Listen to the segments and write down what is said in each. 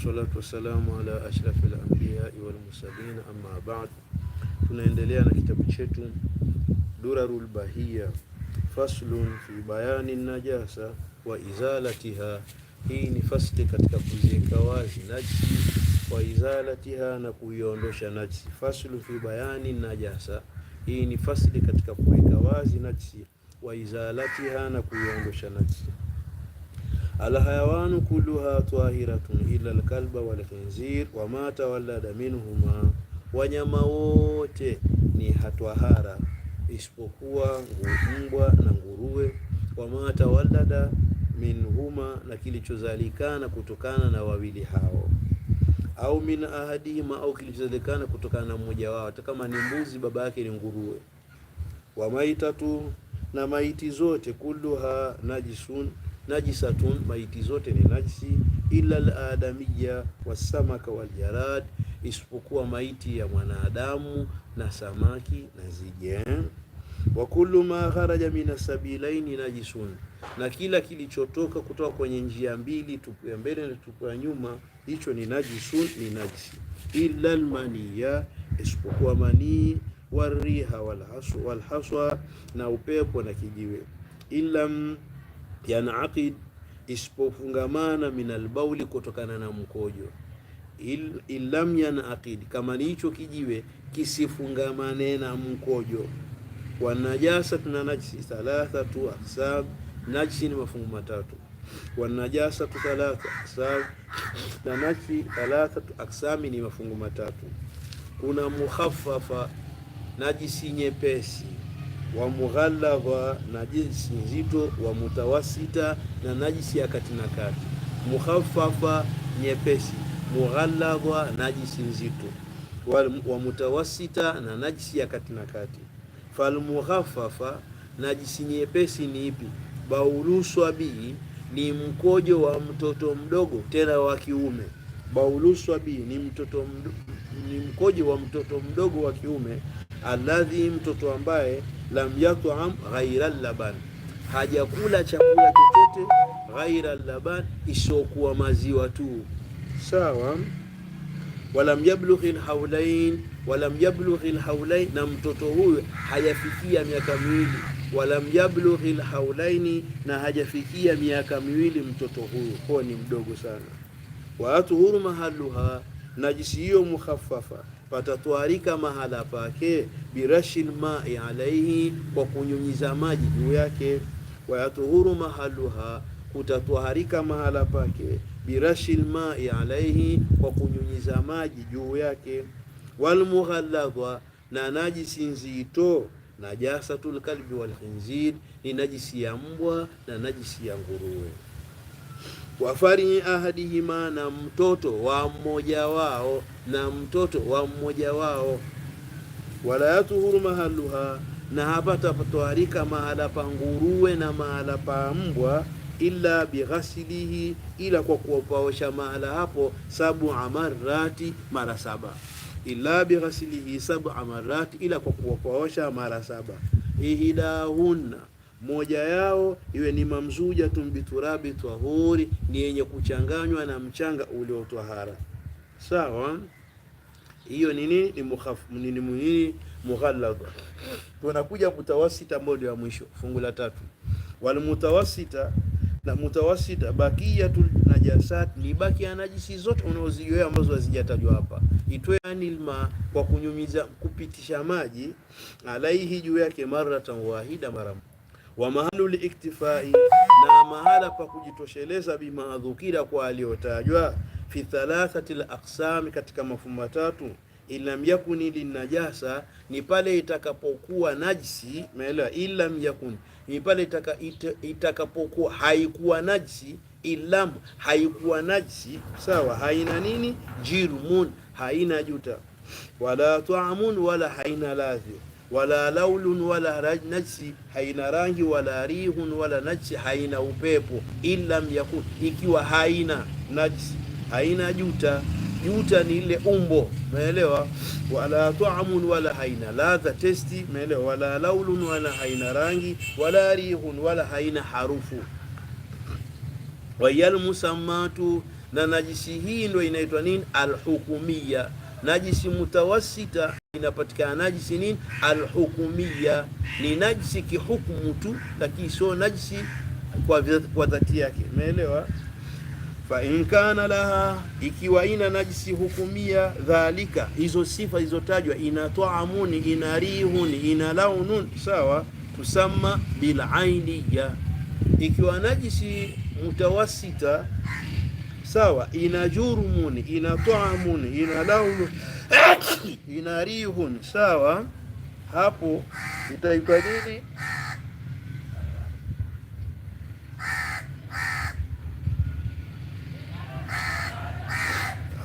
wassalatu wassalamu ala ashrafi alambiyai walmursalin amma baad. Tunaendelea na kitabu chetu Durarul Bahia, faslun fi bayani najasa wa izalatiha. Hii ni fasli katika kuziweka wazi najsi wa izalatiha, na kuiondosha najsi. Faslu fi bayani najasa, hii ni fasli katika kuweka wazi najsi wa izalatiha, na kuiondosha najsi alhayawanu kulluha tahiratun illa alkalba walkhinzir wama tawallada minhuma, wanyama wote ni hatwahara isipokuwa mbwa na nguruwe. Wama tawallada minhuma, na kilichozalikana kutokana na wawili hao au min ahadihima, au kilichozalikana kutokana na mmoja wao, hata kama ni mbuzi baba yake ni nguruwe. Wa maitatu, na maiti zote, kulluha najisun najisatun, maiti zote ni najisi, ila aladamiya wasamaka waljarad, isipokuwa maiti ya mwanadamu na samaki na zige. Wa kullu ma kharaja min sabilaini najisun, na kila kilichotoka kutoka kwenye njia mbili, tupu ya mbele na tupu ya nyuma, hicho ni najisun, ni najisi. Ila almaniya, isipokuwa manii wariha walhaswa, walhaswa na upepo na kijiwe ila yanaqid isipofungamana min albauli, kutokana na mkojo. Il, lam yanaqid, kama ni hicho kijiwe kisifungamane na mkojo. Wa najasa na najsi tu aqsam, najsi ni mafungu matatu. Wa tu thalatha aqsam, na najsi tu aksami ni mafungu matatu. Kuna mukhaffafa, najisi nyepesi wa mughalladha na najisi nzito, wa mutawasita na najisi ya kati na kati, mukhaffafa nyepesi, mughalladha najisi nzito, wa mutawasita na najisi ya kati na kati. Falmughaffafa, najisi nyepesi ni ipi? Baulu swabii ni mkojo wa mtoto mdogo, tena wa kiume. Baulu swabii ni mtoto mdogo, ni mkojo wa mtoto mdogo wa kiume, aladhi, mtoto ambaye lam yatam ghaira laban, hajakula chakula chochote ghaira laban, isokuwa maziwa tu. Sawa. walam yablughi lhaulain, walam yablughi lhaulain, na mtoto huyu hajafikia miaka miwili. Walam yablughi lhaulaini, na hajafikia miaka miwili mtoto huyu, kwa ni mdogo sana. Waatuhuru mahaluha, najisi hiyo mukhaffafa patatwarika mahala pake birashil mai alaihi, kwa kunyunyiza maji juu yake. Wayatuhuru mahaluha, kutatwarika mahala pake birashil mai alaihi, kwa kunyunyiza maji juu yake. Walmughalladha, na najisi nzito najasatul kalbi walkhinzir, ni najisi ya mbwa na najisi ya nguruwe wafarihi ahadihima, na mtoto wa mmoja wao, na mtoto wa mmoja wao. Wala yatuhuru mahaluha, na hapatatoharika mahala pa nguruwe na mahala pa mbwa, illa bighasilihi, ila kwa kuopaosha mahala hapo sabu amarati, mara saba illa bighasilihi sabu marati, ila kwa kuopaosha mara saba ihidahunna moja yao iwe ni mamzuja tumbiturabi tahuri, ni yenye kuchanganywa na mchanga uliotwahara. Sawa, hiyo nini ni mukhafu nini muhini mughalladha. Tunakuja mutawasita moja ya mwisho, fungu la tatu, wal mutawasita na mutawasita bakia bakiyatul najasat ni baki ya najisi zote unaozijua ambazo hazijatajwa hapa, itwe anilma kwa kunyunyiza kupitisha maji alaihi juu yake, maratan wahida mara wa mahalu liktifai, na mahala pa kujitosheleza bima adhukira kwa aliyotajwa fi thalathati laksami katika mafumo matatu ilam yakuni linajasa, ni pale itakapokuwa najisi. Umeelewa? ilam yakuni ni pale itaka, itakapokuwa haikuwa najisi, ilam haikuwa najisi, sawa, haina nini, jirumun, haina juta, wala tuamun, wala haina ladhi wala laulun wala najsi haina rangi wala rihun wala najsi haina upepo, illa yakun, ikiwa haina najsi haina juta. Juta ni ile umbo, umeelewa? Wala taamun wala haina ladha, testi, umeelewa? Wala laulun wala haina rangi wala rihun wala haina harufu. Wayal musammatu, na najisi hii ndio inaitwa nini? Alhukumia, najisi mutawassita inapatikana najisi nini? Alhukumia ni najisi kihukumu tu, lakini sio najisi kwa, kwa dhati yake. Umeelewa? fa in kana laha, ikiwa ina najisi hukumia, dhalika hizo sifa zilizotajwa, ina taamuni, ina rihuni, ina launun, sawa, tusamma bil Ikiwa najisi mutawasita sawa, ina jurmun, ina taamun, ina launu, ina rihun, sawa. Hapo itaitwa nini?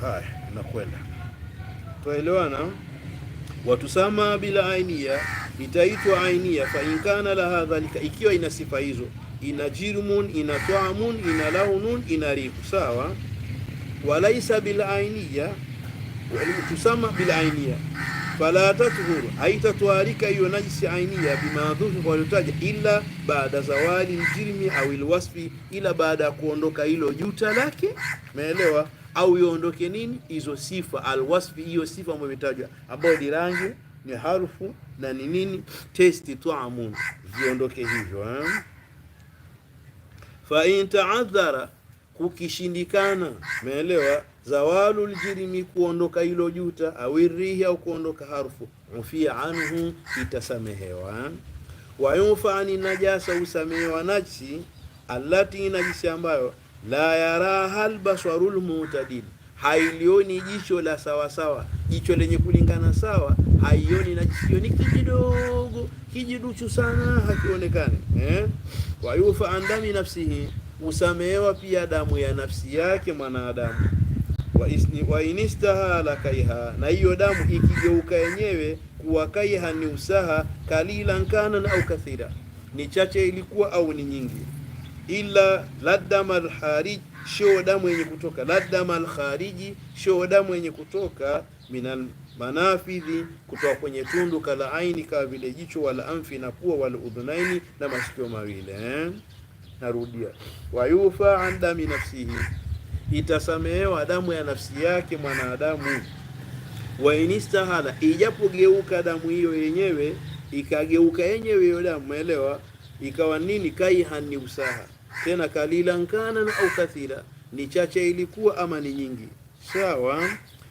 Haya, nakwenda twaelewana. Watusama bila ainia, itaitwa ainia. Fa in kana laha dhalika, ikiwa ina sifa hizo ina jirmun, ina taamun, ina launun, ina rihu, sawa. Walaisa bilainiya, tusama bilainiya, fala tatuhur aita tuarika hiyo najisi ainiya bimaadhuhi kwa waliotaja, illa baada zawali jirmi au ilwasfi, ila baada kuondoka hilo juta lake, umeelewa au iondoke nini hizo sifa alwasfi, hiyo sifa ambayo imetajwa, ambayo ni rangi, ni harufu na ni nini, testi, tuamun viondoke hivyo eh? fa intaadhara kukishindikana, umeelewa zawalu ljirimi, kuondoka ilo juta, awirihi au kuondoka harfu, ufia anhu, itasamehewa wa yunfa ani najasa, usamehewa najsi allati, najisi ambayo la yaraha albaswarul mutadil hailioni jicho la sawasawa, jicho lenye kulingana sawa haioni, na ni kijidogo kijiduchu sana hakionekani eh? wayufa an nafsihi, usamehewa pia damu ya nafsi yake mwanadamu. Wa la kaiha, na hiyo damu ikigeuka yenyewe kuwa kaiha ni usaha, kalilan kanan au kathira, ni chache ilikuwa au ni nyingi, ila ladama alharij sio damu yenye kutoka la damu alkhariji, sio damu yenye kutoka minal manafidhi, kutoka kwenye tundu kala aini, kama vile jicho, wala anfi na pua, wala udhunaini, na masikio mawili eh? Narudia, wayufa an dami nafsihi, itasamehewa damu ya nafsi yake mwanadamu. Wainistahala, ijapogeuka damu hiyo yenyewe, ikageuka yenyewe hiyo damu, elewa, ikawa nini? Kaihan ni usaha tena kalilan kana na au kathira, ni chache ilikuwa ama ni nyingi. Sawa.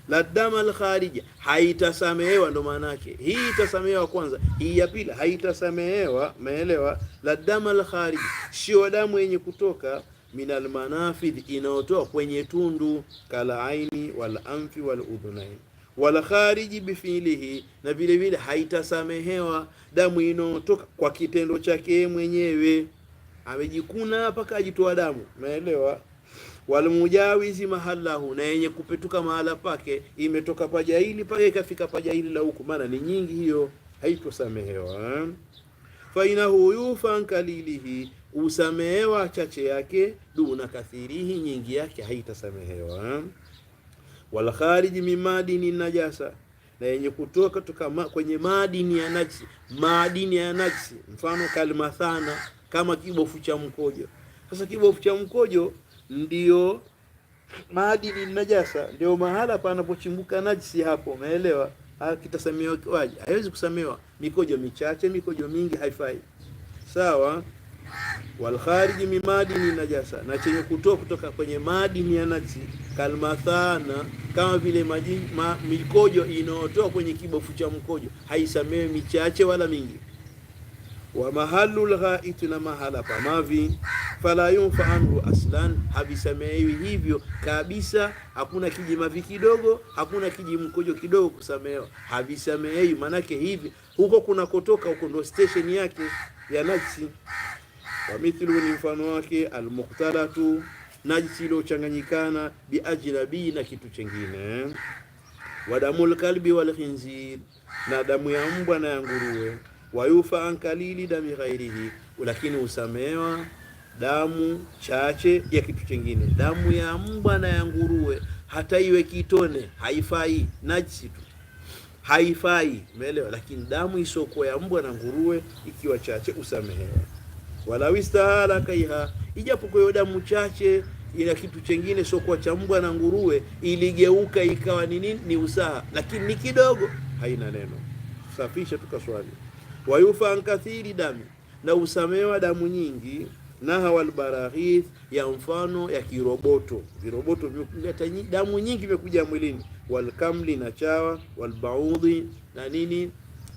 La dama al kharija haitasamehewa, ndo maana yake hii. Itasamehewa kwanza, hii ya pili haitasamehewa. maelewa La dama al kharija, sio damu yenye kutoka min al manafidh, inayotoa kwenye tundu, kala aini wal anfi wal udhunain wal khariji bifilihi, na vile vile haitasamehewa damu inayotoka kwa kitendo chake mwenyewe amejikuna mpaka ajitoa damu, naelewa Walmujawizi mahalahu, na yenye kupetuka mahala pake, imetoka pajaili pake ikafika pajaili la huku, maana ni nyingi hiyo, haitosamehewa. Eh? Fainahu yufan kalilihi, usamehewa chache yake, duna kathirihi, nyingi yake haitasamehewa. Eh? Walkhariji min madini najasa na yenye kutoka toka ma, kwenye madini ya najsi, madini ya najsi mfano kalmathana kama kibofu cha mkojo. Sasa kibofu cha mkojo ndio maadili najasa, ndio mahala panapochimbuka najisi hapo, umeelewa? Ah, waje? Haiwezi kusamehewa. Mikojo michache, mikojo mingi haifai, sawa. Walkhariji min madini najasa, na chenye kutoa kutoka kwenye madini ya najisi, kalmathana, kama vile maji, ma, mikojo inayotoa kwenye kibofu cha mkojo haisamehewi, michache wala mingi wa mahalu lghaiti, na mahala pa mavi, fala yunfa anhu aslan, havisamehewi hivyo kabisa. Hakuna kijimavi kidogo, hakuna kijimkojo kidogo kusamehewa, havisamehewi. Maanake hivi huko kunakotoka huko ndo station yake ya najsi. Wa mithlu, ni mfano wake, almuqtalatu, najsi iliyochanganyikana, biajnabii, na kitu chengine, wa damul kalbi wal khinzir, na damu ya mbwa na ya nguruwe wayufa an kalili dami ghairihi, lakini husamehewa damu chache ya kitu chingine. Damu ya mbwa na ya nguruwe, hata iwe kitone, haifai, najisi tu, haifai. Umeelewa? Lakini damu isiyokuwa ya mbwa na nguruwe ikiwa chache, usamehewa. Wala wistahala kaiha, ijapokuwa hiyo damu chache ila kitu chengine siokuwa cha mbwa na nguruwe iligeuka ikawa ni nini, ni usaha, lakini ni kidogo, haina neno. Safisha tukaswali wayufa ankathiri kathiri dami, na usamewa damu nyingi. Naha walbaraghith, ya mfano ya kiroboto, viroboto vimekuleta damu nyingi vimekuja mwilini. Walkamli, na chawa. Walbaudhi, na nini,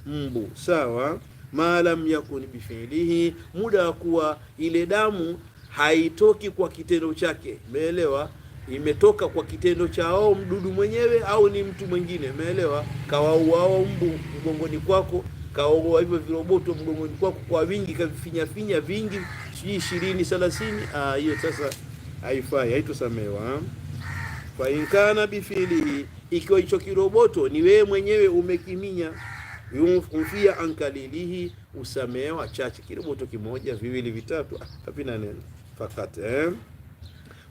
mbu. Sawa, ma lam yakun bifiilihi, muda wa kuwa ile damu haitoki kwa kitendo chake, umeelewa? Imetoka kwa kitendo cha wao mdudu mwenyewe au ni mtu mwingine, umeelewa? Kawauao mbu mgongoni kwako kaogoa hivyo viroboto mgongoni kwako kwa wingi, finya vingi, sijui ishirini thelathini. Ah, hiyo sasa haifai, haitosamewa. Fa inkana bifilihi, ikiwa hicho kiroboto ni wewe mwenyewe umekiminya umfia ankalilihi, usamewa chache, kiroboto kimoja viwili vitatu, hapina ah, neno fakat eh.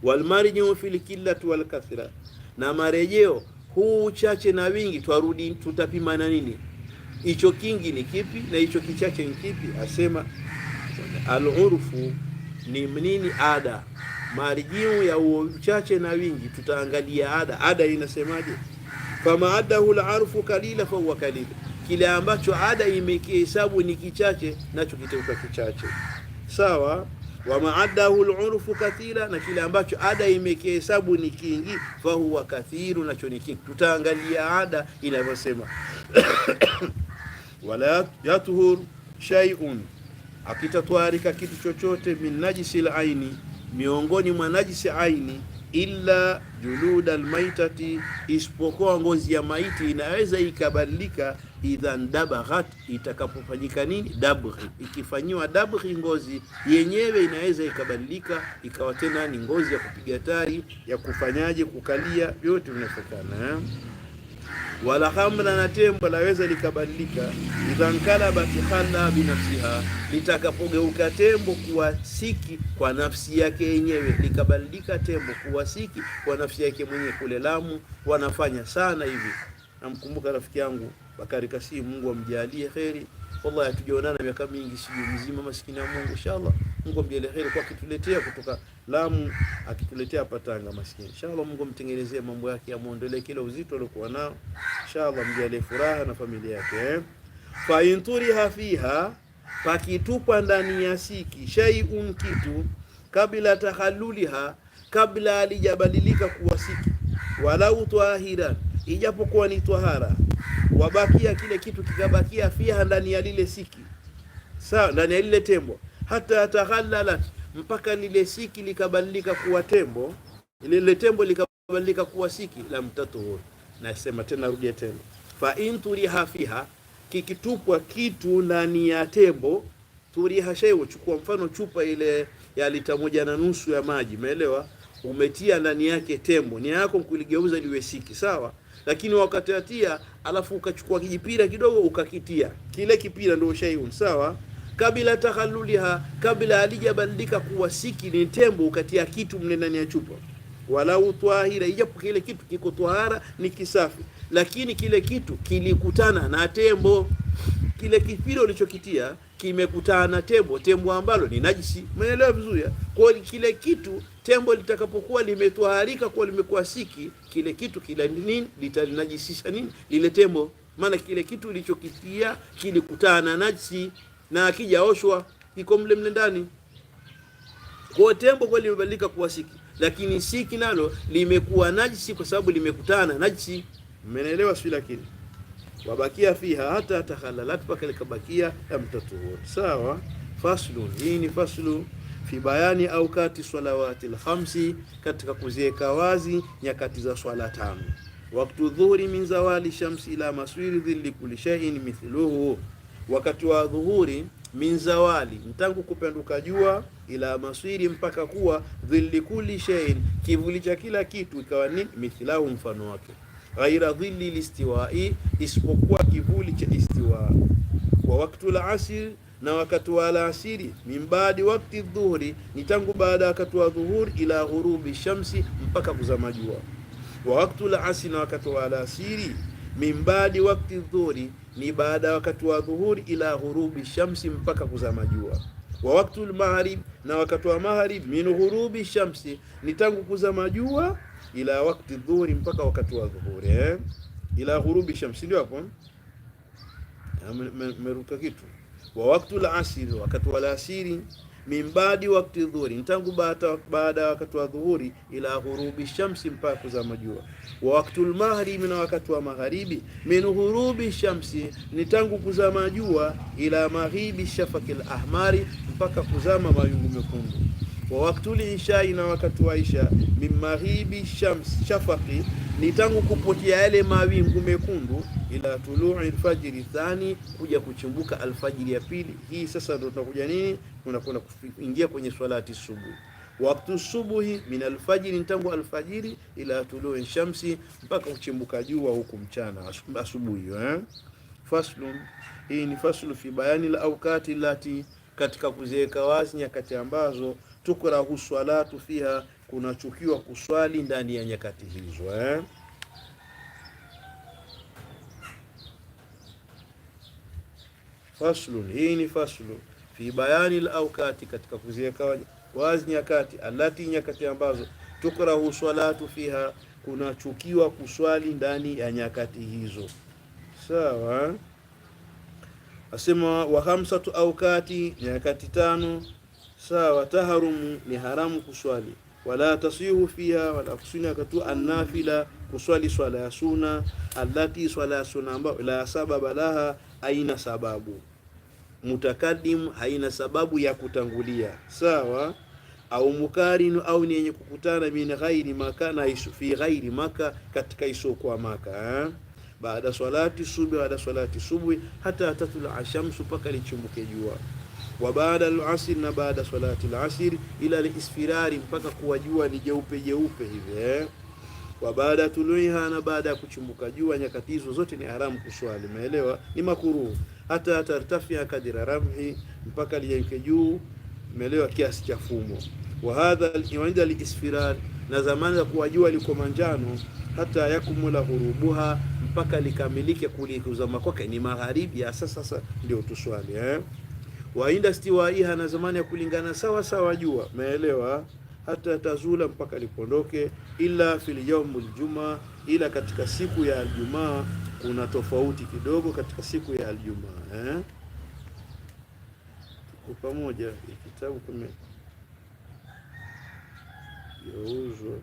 Walmarjiu fil qillati wal kathra, na marejeo huu uchache na wingi, twarudi tutapimana nini hicho kingi ni kipi na hicho kichache ni kipi? Asema alurfu ni mnini, Ada marjiu ya uchache na wingi, tutaangalia ada. Ada inasemaje? fama adahu larfu kalila fahuwa kalila, kile ambacho ada imekihesabu ni kichache, nacho kitakuwa kichache. Sawa wama adahu lurfu kathira, na kile ambacho ada imekihesabu ni kingi, fahuwa kathiru, nacho ni kingi. Tutaangalia ada inavyosema wala yatuhur shay'un, akitatwarika kitu chochote min najisi laini, miongoni mwa najisi aini, illa juluda almaitati, isipokuwa ngozi ya maiti inaweza ikabadilika. Idha dabaghat, itakapofanyika nini? Dabghi, ikifanyiwa dabghi, ngozi yenyewe inaweza ikabadilika ikawa tena ni ngozi ya kupiga tari, ya kufanyaje, kukalia, vyote vinawezekana wala hamra na tembo laweza likabadilika, idha nkalaba khalla binafsiha, litakapogeuka tembo kuwa siki kwa nafsi yake yenyewe, likabadilika tembo kuwa siki kwa nafsi yake mwenyewe. Kule Lamu wanafanya sana hivi. Namkumbuka rafiki yangu Bakari Kasimu, Mungu amjalie kheri wallahi, hatujaonana miaka mingi, sijui mzima, maskini ya Mungu. Inshallah Mungu amjalie heri kwa kituletea kutoka Lamu, akituletea hapa Tanga, maskini. Inshallah Mungu mtengenezee mambo yake, amuondolee kila uzito aliokuwa nao. Inshallah mjalie furaha na familia yake eh. fa inturiha fiha, pakitupwa ndani ya siki shay'un kitu kabla tahalluliha kabla alijabadilika kuwa siki, walau twahiran, ijapokuwa ni twahara wabakia kile kitu kikabakia fiha, ndani ya lile siki, sawa, ndani ya lile tembo, hata taghalalat, mpaka lile siki likabadilika kuwa tembo, lile tembo likabadilika kuwa siki. la Lamtatuhu, nasema tena, rudia tena, fa in turiha fiha, kikitupwa kitu ndani ya tembo, turiha shay'u, chukua mfano chupa ile ya lita moja na nusu ya maji, umeelewa? Umetia ndani yake tembo, ni yako kuligeuza liwe siki, sawa lakini wakati atia alafu ukachukua kijipira kidogo ukakitia kile kipira, ndio shaiun sawa. Kabla takhalluliha, kabla alijabadilika kuwa siki ni tembo, ukatia kitu mle ndani ya chupa, walau twahira, ijapo kile kitu kiko twahara, ni kisafi, lakini kile kitu kilikutana na tembo kile kipira ulichokitia kimekutana tembo, tembo ambalo ni najisi. Mnaelewa vizuri? Eh? Kwa hiyo kile kitu tembo litakapokuwa limetwaharika kuwa limekuwa siki, kile kitu kila nini litalinajisisha nini lile tembo, maana kile kitu ulichokitia kilikutana najisi na akijaoshwa iko mle mle ndani. Kwa hiyo tembo kwa limebadilika kuwa siki, lakini siki nalo limekuwa najisi kwa sababu limekutana najisi. Umeelewa sio? Lakini wabakia fiha hata tahalalat, mpaka likabakia ya mtoto wote. Sawa. Faslu, hii ni faslu fi bayani kati swalawati alhamsi, katika kuziweka wazi nyakati za swala tano. Waktu dhuhuri min zawali shamsi ila maswiri dhilli kulli shay'in mithluhu, wakati wa dhuhuri min zawali ntangu kupenduka jua, ila maswiri mpaka kuwa dhilli kulli shay'in, kivuli cha kila kitu, ikawa ni mithlahu, mfano wake ghaira dhilli listiwai, isipokuwa kivuli cha istiwa. Wa waktu la asiri, na wakati wa alasiri, min baadi wakti dhuhuri, ni tangu baada ya wakati wa dhuhuri, ila ghurubi shamsi, mpaka kuzama jua. Wa waktu la asiri, na wakati wa alasiri, min baadi wakti dhuhuri, ni baada ya wakati wa dhuhuri, ila ghurubi shamsi, mpaka kuzama jua wa waktu lmaghrib, na wakati wa maghrib, min ghurubi shamsi, ni tangu kuzama jua, ila wakti dhuhuri, mpaka wakati wa dhuhuri eh? ila ghurubi shamsi, ndio hapo meruka kitu. Wa waktu lasiri, wakati wa alasiri mimbadi wakti dhuhuri, ni tangu baada ya wakati wa dhuhuri, ila ghurubi shamsi, mpaka kuzama jua. Wa waktul maghribi, na wakati wa magharibi, min ghurubi shamsi, ni tangu kuzama jua, ila maghibi shafakil ahmari, mpaka kuzama mawingu mekundu wa waktuli ishai, na wakati wa isha, min maghribi shams shafaqi, ni tangu kupotea yale mawingu mekundu, ila tuluu alfajiri thani, kuja kuchimbuka alfajiri ya pili. Hii sasa ndo tunakuja nini, tunakwenda kuingia kwenye swalati subuhi. Waktu subuhi min alfajiri, tangu alfajiri, ila tuluu shamsi, mpaka kuchimbuka jua huku mchana, asubuhi eh? faslun, hii ni faslu fi bayani la aukati lati, katika kuziweka wazi nyakati ambazo tukrahu salatu fiha, kunachukiwa kuswali ndani ya nyakati hizo eh? Faslun, hii ni faslu fi bayani alawkati, katika kuziweka wazi nyakati, alati nyakati ambazo tukrahu swalatu fiha, kunachukiwa kuswali ndani ya nyakati hizo. Sawa, eh? asema wa khamsatu awkati, nyakati tano sawa. Taharumu ni haramu kuswali, wala tasihu fiha wala kusuna katu annafila kuswali swala ya suna, allati swala ya suna ambayo la sababa laha, aina sababu mutakaddim haina sababu ya kutangulia sawa au mukarinu au ni yenye kukutana min ghairi maka isu, fi ghairi maka katika kwa maka ha? baada salati subuhi baada salati subuhi hata tatul ashamsu mpaka jua wa baada al-asr na baada salati al-asr ila al-isfirari mpaka kuwa jua ni jeupe jeupe hivi eh wa baada tuluiha, na baada ya kuchumbuka jua. Nyakati hizo zote ni haramu kuswali, umeelewa? Ni makuruhu. Hata tartafia kadira ramhi, mpaka liyeyuke juu, umeelewa, kiasi cha fumo. Wa hadha al-iwanda al lisfirar, na zamani za kuwa jua liko manjano. Hata yakumula hurubuha, mpaka likamilike kulikuzama kwake, ni magharibi. Sasa sasa ndio tuswali eh wa industry wa iha na zamani ya kulingana sawa sawa jua meelewa hata tazula mpaka lipondoke, ila fil yawmul juma, ila katika siku ya aljuma Kuna tofauti kidogo katika siku ya aljuma eh? Tuko pamoja, kitabu kime yauzwa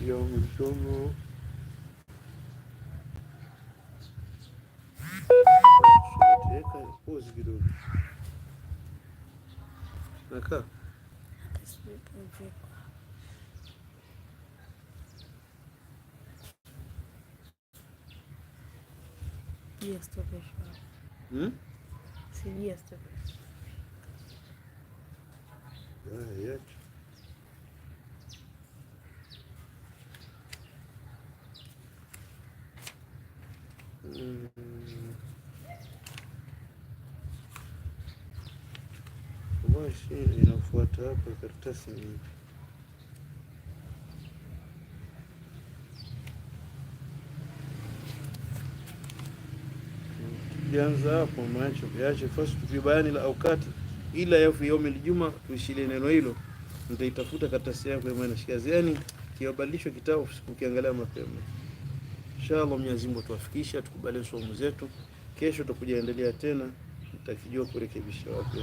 Я А как? Пока. Сильвестр пришел. Сильвестр пришел. Да, я Hmm. Washi inafuata hapa karatasi nyingi. hapo macho viache first fi bayani la aukati ila ya fi yaumil tuishile neno hilo. Nitaitafuta karatasi yangu ya maana shikazi, yani kiwabadilishwa kitabu ukiangalia mapema Inshallah Mwenyezi Mungu tuwafikisha, tukubalie somo zetu. Kesho tutakuja endelea tena, nitakijua kurekebisha wapi.